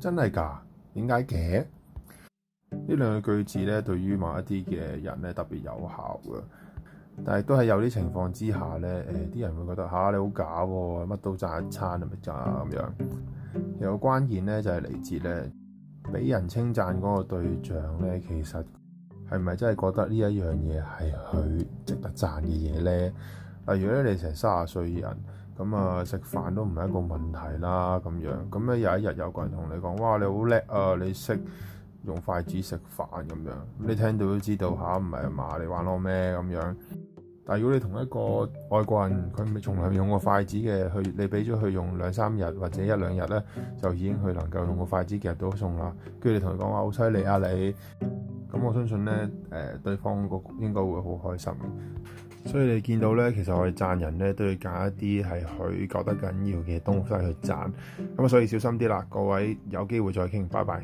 真係㗎？點解嘅？呢兩句句子咧，對於某一啲嘅人咧，特別有效㗎。但係都係有啲情況之下咧，誒、呃、啲人會覺得吓、啊，你好假喎，乜都讚一餐係咪㗎咁樣？又關鍵咧就係、是、嚟自咧，俾人稱讚嗰個對象咧，其實係咪真係覺得呢一樣嘢係佢值得讚嘅嘢咧？如果你成三十歲人。咁啊，食、嗯、飯都唔係一個問題啦，咁樣。咁咧有一日有個人同你講，哇，你好叻啊，你識用筷子食飯咁樣。咁你聽到都知道吓，唔係啊嘛，你玩我咩咁樣？但係如果你同一個外國人，佢咪從來用過筷子嘅，佢你俾咗佢用兩三日或者一兩日咧，就已經佢能夠用個筷子夾到餸啦。跟住你同佢講話好犀利啊，啊你，咁我相信咧，誒、呃、對方個應該會好開心。所以你見到咧，其實我哋讚人咧都要揀一啲係佢覺得緊要嘅東西去讚。咁所以小心啲啦，各位有機會再傾，拜拜。